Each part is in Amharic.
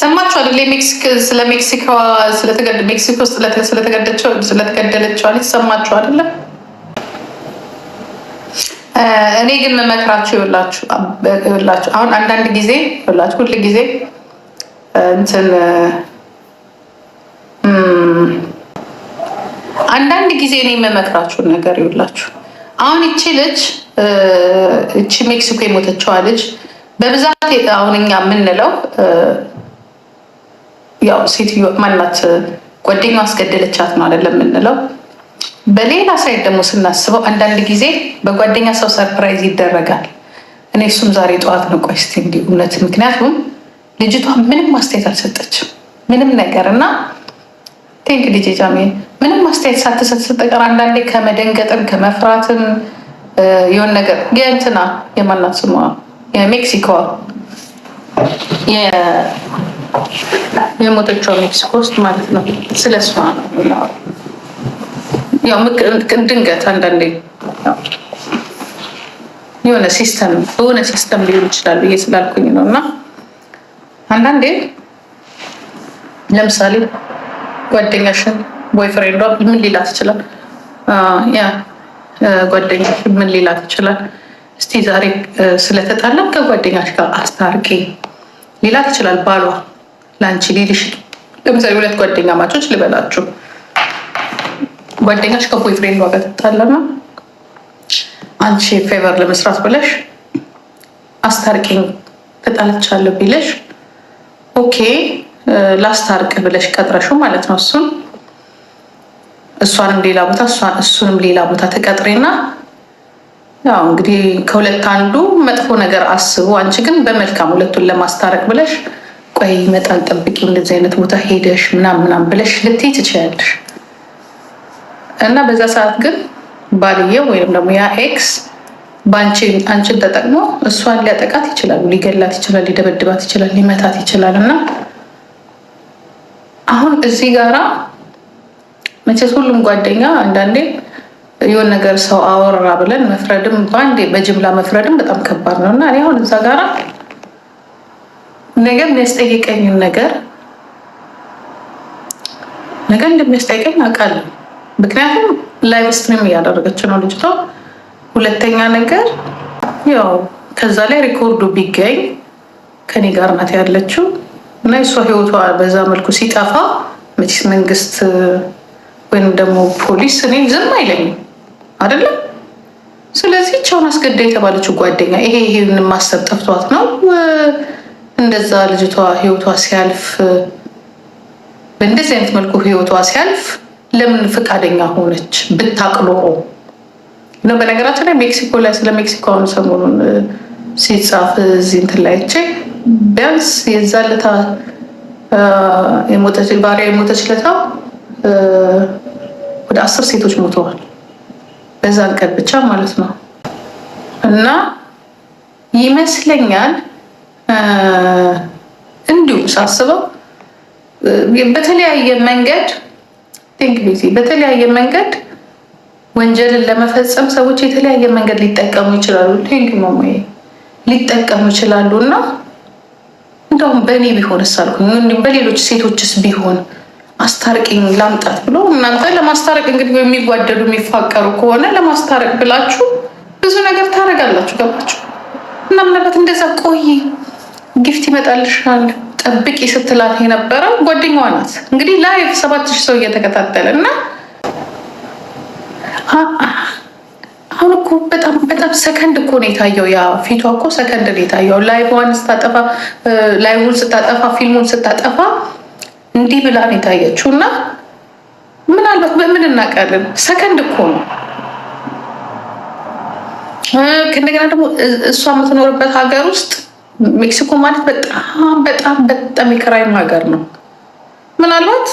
ሰማችሁ አይደል? ስለ ሜክሲኮ ሜክሲኮ ስለተገደለችው ልጅ ሰማችሁ አይደለ? እኔ ግን መክራችሁ ይኸውላችሁ፣ አሁን አንዳንድ ጊዜ ይኸውላችሁ፣ ሁል ጊዜ እንትን አንዳንድ ጊዜ እኔ የምመክራችሁን ነገር ይውላችሁ አሁን ይቺ ልጅ እቺ ሜክሲኮ የሞተችዋ ልጅ በብዛት አሁን እኛ የምንለው ያው ሴትዮ ማናት ጓደኛ አስገደለቻት ነው አይደለም የምንለው። በሌላ ሳይድ ደግሞ ስናስበው አንዳንድ ጊዜ በጓደኛ ሰው ሰርፕራይዝ ይደረጋል። እኔ እሱም ዛሬ ጠዋት ነው ቆይ እስኪ እንዲህ እውነት፣ ምክንያቱም ልጅቷ ምንም ማስተያየት አልሰጠችም ምንም ነገር እና ቴንክ ልጅ ጃሜ ምንም ማስተያየት ሳትሰጥ ስጠቀር አንዳንዴ ከመደንገጥም ከመፍራትም የሆን ነገር የእንትና የማናት ስሟ የሜክሲኮ የሞተቿ ሜክሲኮ ውስጥ ማለት ነው። ስለ እሷ ነው። ድንገት አንዳንዴ የሆነ ሲስተም በሆነ ሲስተም ሊሆን ይችላል ብዬ ስላልኩኝ ነው። እና አንዳንዴ ለምሳሌ ጓደኛሽን ቦይፍሬንዷ ምን ሊላት ይችላል? ያ ጓደኛሽን ምን ሊላት ይችላል? እስቲ ዛሬ ስለተጣላም ከጓደኛሽ ጋር አስታርቂ ሊላት ይችላል። ባሏ ለአንቺ ሊልሽ ለምሳሌ ሁለት ጓደኛ ማቾች ልበላችሁ፣ ጓደኛሽ ከቦይፍሬንድ ዋጋ ተጣላና አንቺ ፌቨር ለመስራት ብለሽ አስታርቂኝ ተጣልቻለሁ ቢለሽ ኦኬ ላስታርቅ ብለሽ ቀጥረሹ ማለት ነው እሱን እሷንም ሌላ ቦታ እሱንም ሌላ ቦታ ተቀጥሬና ያው እንግዲህ ከሁለት አንዱ መጥፎ ነገር አስቡ። አንቺ ግን በመልካም ሁለቱን ለማስታረቅ ብለሽ ቆይ መጣን ጠብቂ፣ እንደዚህ አይነት ቦታ ሄደሽ ምናም ምናም ብለሽ ልትይ ትችያለሽ። እና በዛ ሰዓት ግን ባልየው ወይም ደግሞ ያ ኤክስ አንቺን ተጠቅሞ እሷን ሊያጠቃት ይችላል፣ ሊገላት ይችላል፣ ሊደበድባት ይችላል፣ ሊመታት ይችላል። እና አሁን እዚህ ጋራ መቼስ ሁሉም ጓደኛ አንዳንዴ የሆን ነገር ሰው አወራ ብለን መፍረድም በአንዴ በጅምላ መፍረድም በጣም ከባድ ነው እና እኔ አሁን እዛ ጋር ነገ የሚያስጠይቀኝን ነገር ነገ እንደሚያስጠይቀኝ አውቃለሁ። ምክንያቱም ላይቭ ስትሪም እያደረገች ነው ልጅቷ። ሁለተኛ ነገር ያው ከዛ ላይ ሪኮርዱ ቢገኝ ከኔ ጋር ናት ያለችው እና የሷ ህይወቷ በዛ መልኩ ሲጠፋ መቼስ መንግስት ወይም ደግሞ ፖሊስ እኔ ዝም አይለኝም። አይደለም። ስለዚህ ቻውን አስገዳ የተባለችው ጓደኛ ይሄ ይሄን ማሰብ ጠፍቷት ነው እንደዛ ልጅቷ ህይወቷ ሲያልፍ በእንደዚህ አይነት መልኩ ህይወቷ ሲያልፍ ለምን ፈቃደኛ ሆነች ብታቅሎ ነው። በነገራችን ላይ ሜክሲኮ ላይ ስለ ሜክሲኮ አሁን ሰሞኑን ሲጻፍ እዚህ እንትን ላይ ቢያንስ የዛ ለታ የሞተች ባሪያ የሞተች ለታ ወደ አስር ሴቶች ሞተዋል። በዛን ቀን ብቻ ማለት ነው እና ይመስለኛል እንዲሁም ሳስበው በተለያየ መንገድ ቲንክ ቢዚ በተለያየ መንገድ ወንጀልን ለመፈጸም ሰዎች የተለያየ መንገድ ሊጠቀሙ ይችላሉ። ቲንክ ሞሞዬ ሊጠቀሙ ይችላሉ እና እንደውም በእኔ ቢሆንስ አልኩኝ፣ በሌሎች ሴቶችስ ቢሆን አስታርቅኝ ላምጣት ብሎ እናንተ ለማስታረቅ እንግዲህ የሚጓደዱ የሚፋቀሩ ከሆነ ለማስታረቅ ብላችሁ ብዙ ነገር ታደርጋላችሁ። ገባችሁ እና ምናልባት እንደዛ ቆይ ጊፍት ይመጣልሻል ጠብቂ ስትላት የነበረው ጓደኛዋ ናት። እንግዲህ ላይቭ ሰባት ሺህ ሰው እየተከታተለ እና አሁን እኮ በጣም በጣም ሰከንድ እኮ ነው የታየው። ያ ፊቷ እኮ ሰከንድ ነው የታየው። ላይቭዋን ስታጠፋ ላይቭን ስታጠፋ ፊልሙን ስታጠፋ እንዲህ ብላን የታየችው። እና ምናልባት በምን እናውቃለን? ሰከንድ እኮ ነው። እንደገና ደግሞ እሷ የምትኖርበት ሀገር ውስጥ ሜክሲኮ ማለት በጣም በጣም በጣም የክራይም ሀገር ነው። ምናልባት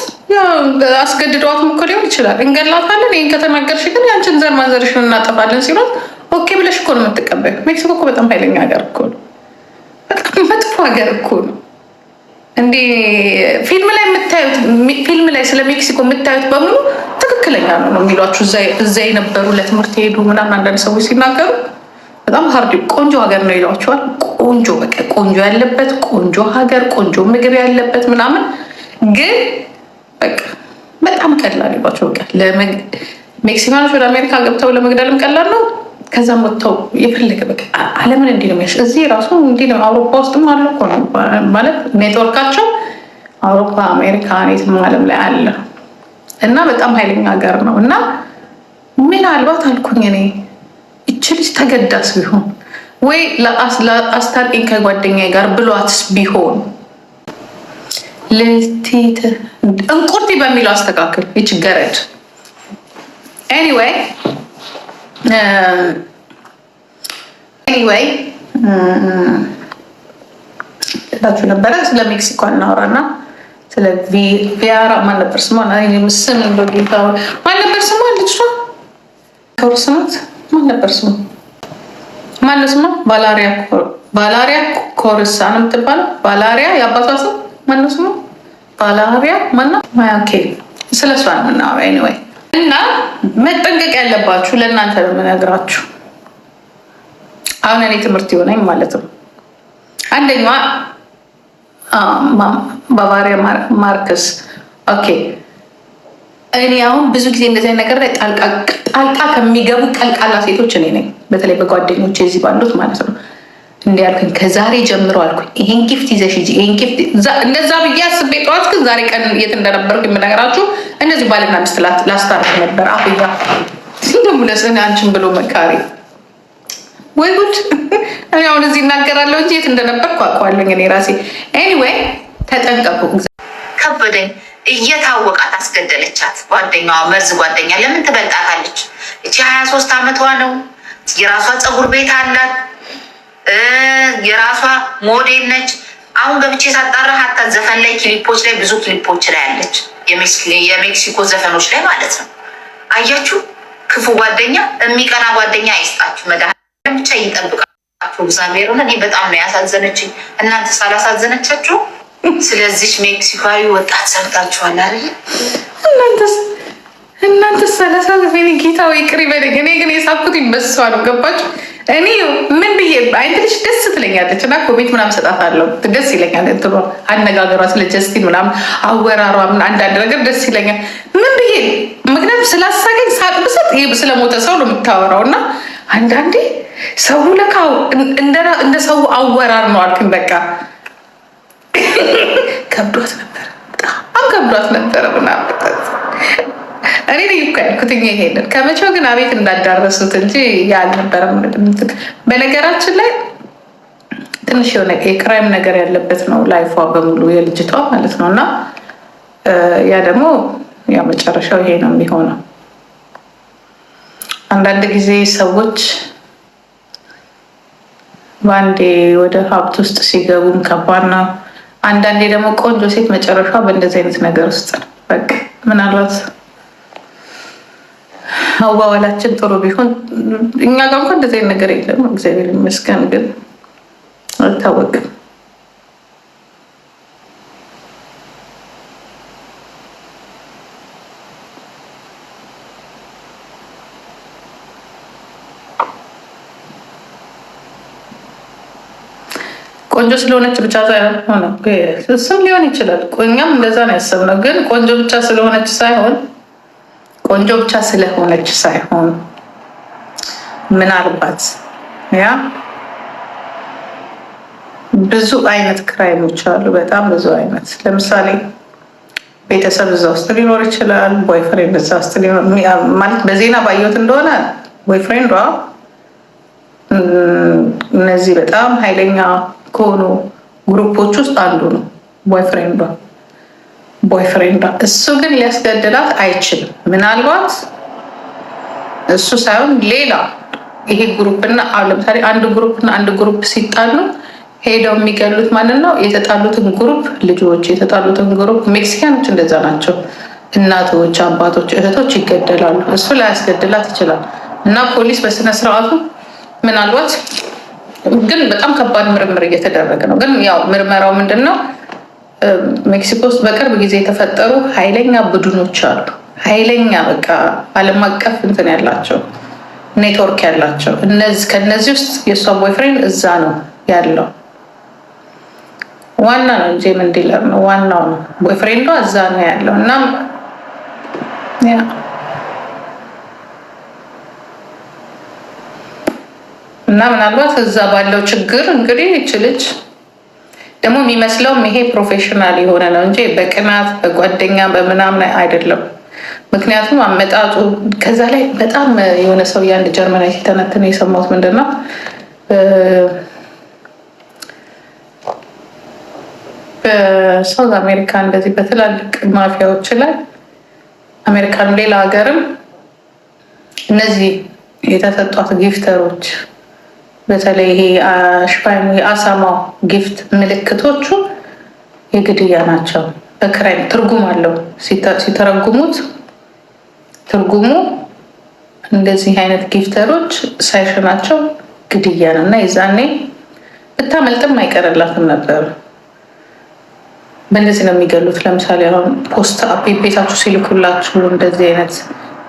አስገድደዋት እኮ ሊሆን ይችላል። እንገላታለን፣ ይህን ከተናገርሽ ግን ያንችን ዘር ማንዘርሽን እናጠፋለን ሲሏት ኦኬ ብለሽ እኮ ነው የምትቀበል። ሜክሲኮ እኮ በጣም ኃይለኛ ሀገር እኮ ነው። በጣም መጥፎ ሀገር እኮ ነው። እንዴ ፊልም ላይ የምታዩት ፊልም ላይ ስለ ሜክሲኮ የምታዩት በሙሉ ትክክለኛ ነው ነው የሚሏችሁ እዛ የነበሩ ለትምህርት የሄዱ ምናምን አንዳንድ ሰዎች ሲናገሩ በጣም ሀርድ ቆንጆ ሀገር ነው ይሏቸዋል። ቆንጆ በቃ ቆንጆ ያለበት ቆንጆ ሀገር ቆንጆ ምግብ ያለበት ምናምን ግን በቃ በጣም ቀላል ይሏቸው በቃ ሜክሲካኖች ወደ አሜሪካ ገብተው ለመግደልም ቀላል ነው። ከዛም ወጥተው የፈለገ በቃ አለምን እንዲህ ነው የሚያሽ እዚህ ራሱ እንዲህ ነው። አውሮፓ ውስጥም አለ እኮ ነው ማለት ኔትወርካቸው አውሮፓ፣ አሜሪካ፣ የትም አለም ላይ አለ እና በጣም ኃይለኛ ሀገር ነው እና ምናልባት አልኩኝ እኔ ይች ልጅ ተገዳስ ቢሆን ወይ ለአስታርቂኝ ከጓደኛ ጋር ብሏትስ ቢሆን ልቲት እንቁርቲ በሚለው አስተካክል ይች ገረድ ኤኒዌይ ኤኒዌይ ታችሁ ነበረ ስለ ሜክሲኮ እናወራና ስለ ቪያራ ማን ነበር ስሟ? ምስም ጌታ ማን ነበር ስሟ? ልጅቷ ከርስናት ማን ነበር ስሟ? ማነው ስሟ? ቫላሪያ ኮርሳ ነው የምትባለው። ቫላሪያ የአባቷ ስም ማነው ስሟ? ቫላሪያ ማና ኦኬ። ስለ እሷ ነው የምናወራ ኤኒዌይ እና መጠንቀቅ ያለባችሁ ለእናንተ ነው የምነግራችሁ። አሁን እኔ ትምህርት የሆነኝ ማለት ነው። አንደኛ ባቫሪያ ማርክስ ኦኬ። እኔ አሁን ብዙ ጊዜ እንደዚህ ነገር ላይ ጣልቃ ከሚገቡ ቀልቃላ ሴቶች እኔ ነኝ። በተለይ በጓደኞች የዚህ ባሉት ማለት ነው። እንዲ ያልኩኝ ከዛሬ ጀምሮ አልኩኝ፣ ይሄን ጊፍት ይዘሽ ይሄን ጊፍት እንደዛ ብዬ አስቤ ጠዋት፣ ግን ዛሬ ቀን የት እንደነበርኩ የምነግራችሁ እነዚህ ባልና ሚስት ላስታርቅ ነበር። አፍያ ደግሞ ለስን አንቺን ብሎ መካሪ ወይ ጉድ! እኔ አሁን እዚህ እናገራለሁ እንጂ የት እንደነበርኩ አውቀዋለሁ እኔ ራሴ። ኤኒዌይ ተጠንቀቁ። ከበደኝ እየታወቃት አስገደለቻት። ጓደኛዋ መርዝ ጓደኛ ለምን ትበልጣታለች? እቺ ሀያ ሶስት አመቷ ነው። የራሷ ፀጉር ቤት አላት። የራሷ ሞዴል ነች። አሁን ገብቼ ሳጣራ ሀታ ዘፈን ላይ ክሊፖች ላይ ብዙ ክሊፖች ላይ አለች፣ የሜክሲኮ ዘፈኖች ላይ ማለት ነው። አያችሁ፣ ክፉ ጓደኛ የሚቀና ጓደኛ አይስጣችሁ። መድኃኒዓለም ብቻ ይጠብቃችሁ እግዚአብሔር። እኔ በጣም ነው ያሳዘነችኝ። እናንተ ሳላሳዘነቻችሁ ስለዚህ ሜክሲካዊ ወጣት ሰምታችኋል አይደል? እናንተስ እናንተስ ሰላሳ ጌታ ወይ ቅሪ በደግ እኔ ግን የሳብኩት ይበስዋል። ገባችሁ? እኔ ምን ብዬ አይነት ልጅ ደስ ትለኛለች እና ኮሜንት ምናምን ሰጣታለሁ። ደስ ይለኛል እንትኗ አነጋገሯ፣ ስለ ጀስቲን ምናምን አወራሯ፣ አንዳንድ ነገር ደስ ይለኛል። ምን ብዬ ምክንያቱም ስላሳገኝ ሳቅ ብሰጥ ስለ ስለሞተ ሰው ነው የምታወራው እና አንዳንዴ ሰው ለካ እንደ ሰው አወራር ነው አልክን። በቃ ከብዷት ነበረ፣ በጣም ከብዷት ነበረ ምናምን እኔ ኩትኛ ይሄንን ከመቼው ግን አቤት እንዳዳረሱት እንጂ ያልነበረም። በነገራችን ላይ ትንሽ የሆነ የክራይም ነገር ያለበት ነው ላይፏ በሙሉ የልጅቷ ማለት ነው። እና ያ ደግሞ ያ መጨረሻው ይሄ ነው የሚሆነው። አንዳንድ ጊዜ ሰዎች በአንዴ ወደ ሀብት ውስጥ ሲገቡም ከባድ ነው። አንዳንዴ ደግሞ ቆንጆ ሴት መጨረሻ በእንደዚህ አይነት ነገር ውስጥ ነው በቃ ምናልባት አዋዋላችን ጥሩ ቢሆን እኛ ጋር እንኳ እንደዚህ ነገር የለም፣ እግዚአብሔር ይመስገን። ግን አልታወቅም። ቆንጆ ስለሆነች ብቻ ሳይሆን እሱም ሊሆን ይችላል። እኛም እንደዛ ነው ያሰብነው። ግን ቆንጆ ብቻ ስለሆነች ሳይሆን ቆንጆ ብቻ ስለሆነች ሳይሆን ምናልባት ያ ብዙ አይነት ክራይሞች አሉ። በጣም ብዙ አይነት ለምሳሌ ቤተሰብ እዛ ውስጥ ሊኖር ይችላል። ቦይፍሬንድ እዛ ውስጥ ማለት በዜና ባየሁት እንደሆነ ቦይፍሬንዷ እነዚህ በጣም ኃይለኛ ከሆኑ ግሩፖች ውስጥ አንዱ ነው ቦይፍሬንዷ። ቦይፍሬንድ እሱ ግን ሊያስገድላት አይችልም። ምናልባት እሱ ሳይሆን ሌላ ይሄ ግሩፕና ለምሳሌ አንድ ግሩፕና አንድ ግሩፕ ሲጣሉ ሄደው የሚገሉት ማለት ነው የተጣሉትን ግሩፕ ልጆች፣ የተጣሉትን ግሩፕ ሜክሲካኖች እንደዛ ናቸው። እናቶች፣ አባቶች፣ እህቶች ይገደላሉ። እሱ ላያስገድላት ይችላል እና ፖሊስ በስነ ስርዓቱ ምናልባት ግን በጣም ከባድ ምርምር እየተደረገ ነው። ግን ያው ምርመራው ምንድን ነው ሜክሲኮ ውስጥ በቅርብ ጊዜ የተፈጠሩ ኃይለኛ ቡድኖች አሉ። ኃይለኛ በቃ ዓለም አቀፍ እንትን ያላቸው ኔትወርክ ያላቸው ከእነዚህ ውስጥ የእሷ ቦይፍሬንድ እዛ ነው ያለው። ዋና ነው እንጂ ምን ዲለር ነው ዋናው ነው። ቦይፍሬንዷ እዛ ነው ያለው እና እና ምናልባት እዛ ባለው ችግር እንግዲህ ይች ልጅ ደግሞ የሚመስለውም ይሄ ፕሮፌሽናል የሆነ ነው እንጂ በቅናት በጓደኛ በምናምን አይደለም። ምክንያቱም አመጣጡ ከዛ ላይ በጣም የሆነ ሰው የአንድ ጀርመናዊ ሲተነትን የሰማሁት ምንድን ነው በሳውዝ አሜሪካ እንደዚህ በትላልቅ ማፊያዎች ላይ አሜሪካን ሌላ ሀገርም እነዚህ የተሰጧት ጊፍተሮች በተለይ ይሄ ሽፋኑ የአሳማው ጊፍት ምልክቶቹ የግድያ ናቸው። በክራይም ትርጉም አለው። ሲተረጉሙት ትርጉሙ እንደዚህ አይነት ጊፍተሮች ሳይሽናቸው ግድያ ነው እና የዛኔ ብታመልጥም አይቀርላትም ነበር። በእንደዚህ ነው የሚገሉት። ለምሳሌ አሁን ፖስታ ቤታችሁ ሲልኩላችሁ እንደዚህ አይነት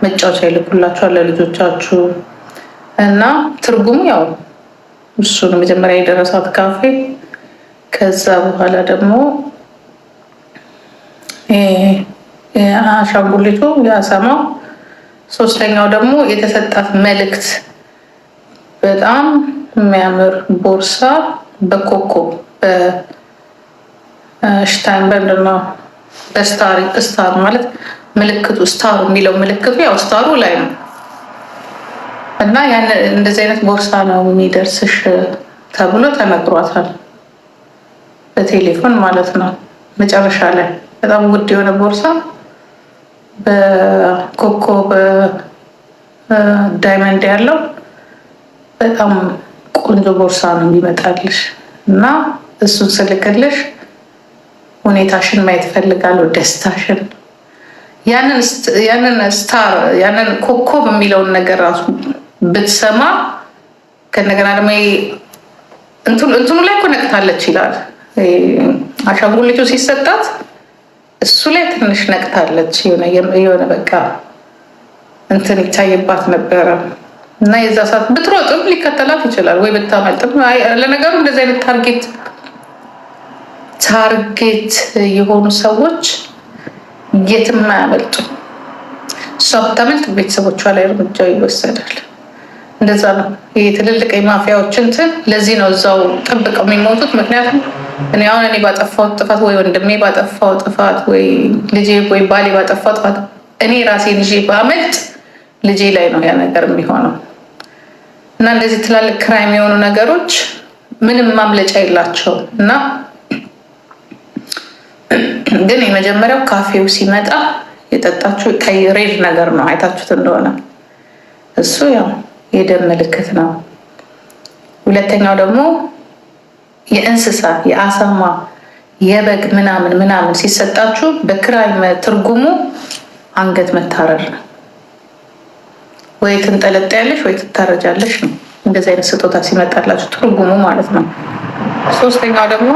መጫወቻ ይልኩላችኋል ለልጆቻችሁ እና ትርጉሙ ያው እሱ ነው መጀመሪያ የደረሳት ካፌ። ከዛ በኋላ ደግሞ አሻንጉሊቱ ያሰማው ሶስተኛው ደግሞ የተሰጣት መልእክት በጣም የሚያምር ቦርሳ በኮከብ በሽታይንበርግ ነው በስታር ስታር ማለት ምልክቱ ስታር የሚለው ምልክቱ ያው ስታሩ ላይ ነው እና እንደዚህ አይነት ቦርሳ ነው የሚደርስሽ ተብሎ ተነግሯታል፣ በቴሌፎን ማለት ነው። መጨረሻ ላይ በጣም ውድ የሆነ ቦርሳ በኮከብ ዳይመንድ ያለው በጣም ቆንጆ ቦርሳ ነው የሚመጣልሽ እና እሱን ስልክልሽ ሁኔታሽን ማየት ፈልጋለሁ፣ ደስታሽን ያንን ስታር ያንን ኮከብ የሚለውን ነገር ራሱ ብትሰማ ከእንደገና ደግሞ እንትኑ ላይ እኮ ነቅታለች ይላል አሻንጉሊቱ ሲሰጣት እሱ ላይ ትንሽ ነቅታለች። የሆነ በቃ እንትን ይታይባት ነበረ እና የዛ ሰዓት ብትሮጥም ሊከተላት ይችላል ወይ ብታመልጥም። ለነገሩ እንደዚህ አይነት ታርጌት ታርጌት የሆኑ ሰዎች የትም አያመልጡም። እሷ ብታመልጥ ቤተሰቦቿ ላይ እርምጃው ይወሰዳል። እንደዛ ነው። ይህ ትልልቅ የማፊያዎች እንትን ለዚህ ነው እዛው ጠብቀው የሚሞቱት። ምክንያቱም እኔ አሁን እኔ ባጠፋው ጥፋት ወይ ወንድሜ ባጠፋው ጥፋት ወይ ልጄ ወይ ባሌ ባጠፋው ጥፋት እኔ ራሴ ልጄ ባመልጥ ልጄ ላይ ነው ያ ነገር የሚሆነው እና እንደዚህ ትላልቅ ክራይም የሆኑ ነገሮች ምንም ማምለጫ የላቸው እና ግን የመጀመሪያው ካፌው ሲመጣ የጠጣችሁ ቀይ ሬድ ነገር ነው። አይታችሁት እንደሆነ እሱ ያው የደም ምልክት ነው። ሁለተኛው ደግሞ የእንስሳ የአሳማ የበግ ምናምን ምናምን ሲሰጣችሁ በክራይ ትርጉሙ አንገት መታረር ነው። ወይ ትንጠለጠያለሽ ወይ ትታረጃለሽ ነው። እንደዚህ አይነት ስጦታ ሲመጣላችሁ ትርጉሙ ማለት ነው። ሶስተኛው ደግሞ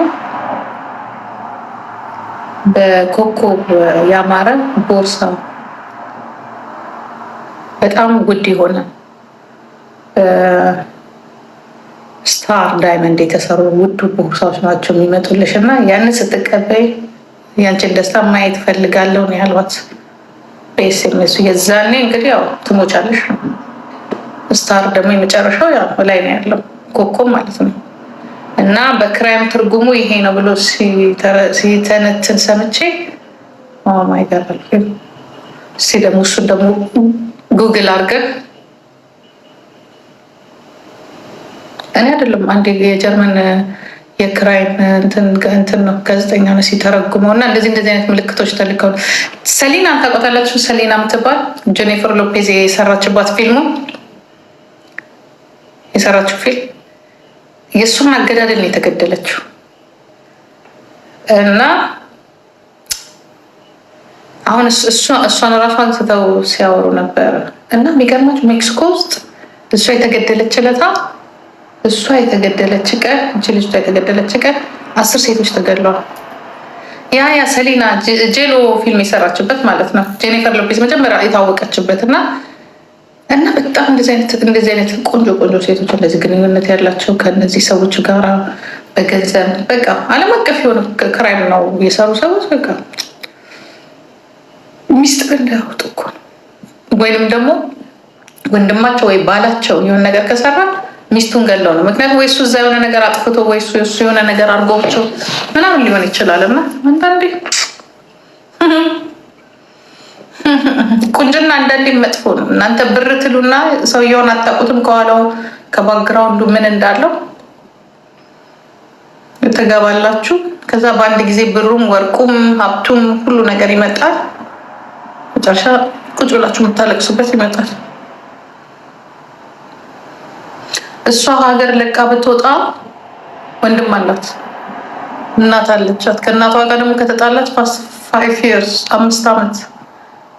በኮከብ ያማረ ቦርሳ በጣም ውድ ይሆናል። ስታር ዳይመንድ የተሰሩ ውድ ቦርሳዎች ናቸው የሚመጡልሽ እና ያንን ስትቀበይ ያንችን ደስታ ማየት ፈልጋለሁ ነው ያሏት የዛኔ እንግዲህ ያው ትሞቻለሽ። ስታር ደግሞ የመጨረሻው ያው ላይ ነው ያለው ኮከብ ማለት ነው። እና በክራይም ትርጉሙ ይሄ ነው ብሎ ሲተነትን ሰምቼ ማይገርም። እስኪ ደግሞ እሱን ደግሞ ጉግል አድርገን እኔ አይደለም አንድ የጀርመን የክራይም እንትን ነው ጋዜጠኛ ነው ሲተረጉመው እና እንደዚህ እንደዚህ አይነት ምልክቶች ተልከው ሰሊና ታውቃታላችሁ? ሰሊና የምትባል ጀኒፈር ሎፔዝ የሰራችባት ፊልሙ የሰራችው ፊልም የእሱን አገዳደል ነው የተገደለችው እና አሁን እሷን ራሷን ስተው ሲያወሩ ነበር እና የሚገርማችሁ ሜክሲኮ ውስጥ እሷ የተገደለችለታ እሷ የተገደለች ቀን እች ልጅ የተገደለች ቀን አስር ሴቶች ተገድለዋል። ያ ያ ሰሊና ጄሎ ፊልም የሰራችበት ማለት ነው። ጄኒፈር ሎፔዝ መጀመሪያ የታወቀችበት እና እና በጣም እንደዚህ አይነት ቆንጆ ቆንጆ ሴቶች እንደዚህ ግንኙነት ያላቸው ከነዚህ ሰዎች ጋራ በገንዘብ በቃ ዓለም አቀፍ የሆነ ክራይም ነው የሰሩ ሰዎች በቃ ሚስጥር እንዳያወጡ እኮ ነው። ወይንም ደግሞ ወንድማቸው ወይ ባላቸው የሆነ ነገር ከሰራ ሚስቱን ገለው ነው። ምክንያቱም ወይ እሱ እዛ የሆነ ነገር አጥፍቶ ወይ እሱ የሆነ ነገር አድርጓቸው ምናምን ሊሆን ይችላል። እና አንዳንዴ ቁንጅና አንዳንዴ መጥፎ ነው። እናንተ ብር ትሉና ሰውየውን አታውቁትም፣ ከኋላው ከባክግራውንዱ ምን እንዳለው ትገባላችሁ። ከዛ በአንድ ጊዜ ብሩም ወርቁም ሀብቱም ሁሉ ነገር ይመጣል። መጨረሻ ቁጭ ብላችሁ የምታለቅሱበት ይመጣል። እሷ ሀገር ለቃ ብትወጣ ወንድም አላት፣ እናት አለቻት። ከእናቷ ጋር ደግሞ ከተጣላች ፋይቭ ይርስ አምስት ዓመት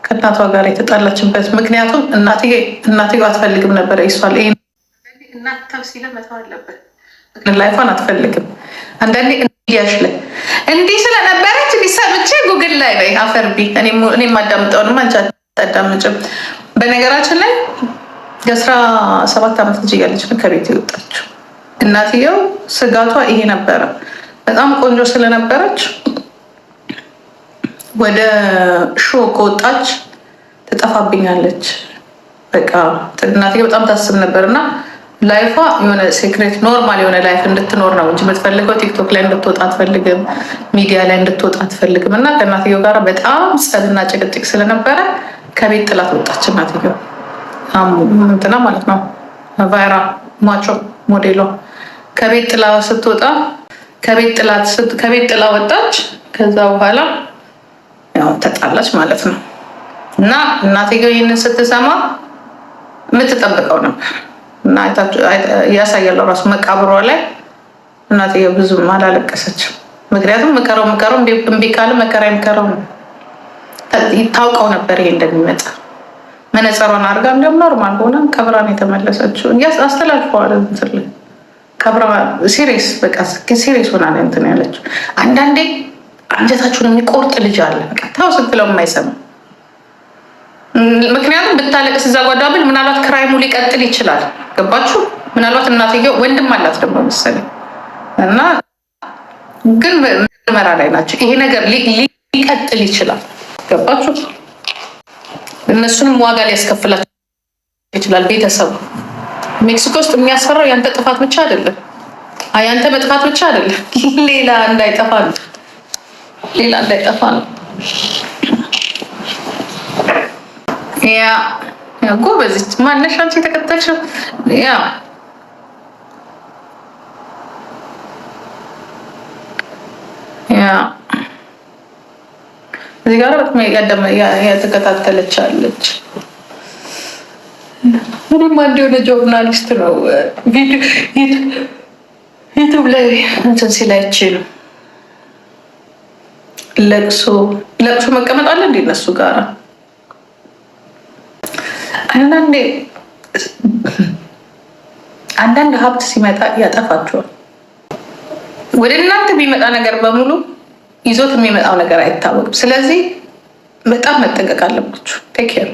ከእናቷ ጋር የተጣላችበት ምክንያቱም እናትዬ አትፈልግም ነበረ። ይሷል እናት ተብሲለ መተው አለበት ላይፏን አትፈልግም። አንዳንዴ እንዲያሽለ እንዲህ ስለነበረች ሰምቼ ጉግል ላይ ላይ አፈርቢ እኔ ማዳምጠውን አንቺ አታዳምጭም። በነገራችን ላይ የአስራ ሰባት ዓመት ልጅ እያለች ነው ከቤት የወጣችው። እናትየው ስጋቷ ይሄ ነበረ። በጣም ቆንጆ ስለነበረች ወደ ሾ ከወጣች ትጠፋብኛለች በቃ እናትየው በጣም ታስብ ነበር እና ላይፏ የሆነ ሴክሬት ኖርማል የሆነ ላይፍ እንድትኖር ነው እንጂ የምትፈልገው ቲክቶክ ላይ እንድትወጣ አትፈልግም፣ ሚዲያ ላይ እንድትወጣ አትፈልግም። እና ከእናትየው ጋር በጣም ጸብና ጭቅጭቅ ስለነበረ ከቤት ጥላት ወጣች እናትየው። እንትና ማለት ነው ቫይራ ማቾ ሞዴሏ ከቤት ጥላ ስትወጣ ከቤት ጥላ ወጣች። ከዛ በኋላ ያው ተጣላች ማለት ነው። እና እናትየው ይህንን ስትሰማ የምትጠብቀው ነበር እና እያሳያለው ራሱ መቃብሯ ላይ እናትየው ብዙም አላለቀሰችም። ምክንያቱም መከረው መከረው እምቢ ካለ መከራ የምከረው ነው። ታውቀው ነበር ይሄ እንደሚመጣ መነጽሯን አድርጋ እንዲያውም ኖርማል ሆነ ከብራን የተመለሰችው አስተላልፈዋል። እንትን ላይ ከብራ ሲሪየስ በቃ ሲሪየስ ሆና እንትን ያለችው አንዳንዴ አንጀታችሁን የሚቆርጥ ልጅ አለ። በቃ ተው ስትለው የማይሰማ ምክንያቱም ብታለቅስ እዛ ጓዳ ብል ምናልባት ክራይሙ ሊቀጥል ይችላል። ገባችሁ? ምናልባት እናትየው ወንድም አላት ደግሞ መሰለኝ እና ግን ምርመራ ላይ ናቸው። ይሄ ነገር ሊቀጥል ይችላል። ገባችሁ? እነሱንም ዋጋ ሊያስከፍላቸው ይችላል። ቤተሰብ ሜክሲኮ ውስጥ የሚያስፈራው ያንተ ጥፋት ብቻ አይደለም፣ ያንተ መጥፋት ብቻ አይደለም፣ ሌላ እንዳይጠፋ ነው። ሌላ እንዳይጠፋ ነው። ያ ጎበዝ ማነሽ አንቺ የተከተልሽው ያ ያ እዚህ ጋር በጣም የተከታተለች አለች። ምንም አንድ የሆነ ጆርናሊስት ነው ዩቱብ ላይ እንትን ሲል አይችልም። ለቅሶ ለቅሶ መቀመጥ አለ እንደ እነሱ ጋር አንዳንዴ አንዳንድ ሀብት ሲመጣ ያጠፋቸዋል። ወደ እናንተ ቢመጣ ነገር በሙሉ ይዞት የሚመጣው ነገር አይታወቅም። ስለዚህ በጣም መጠንቀቅ አለባችሁ። ቴክ ኬር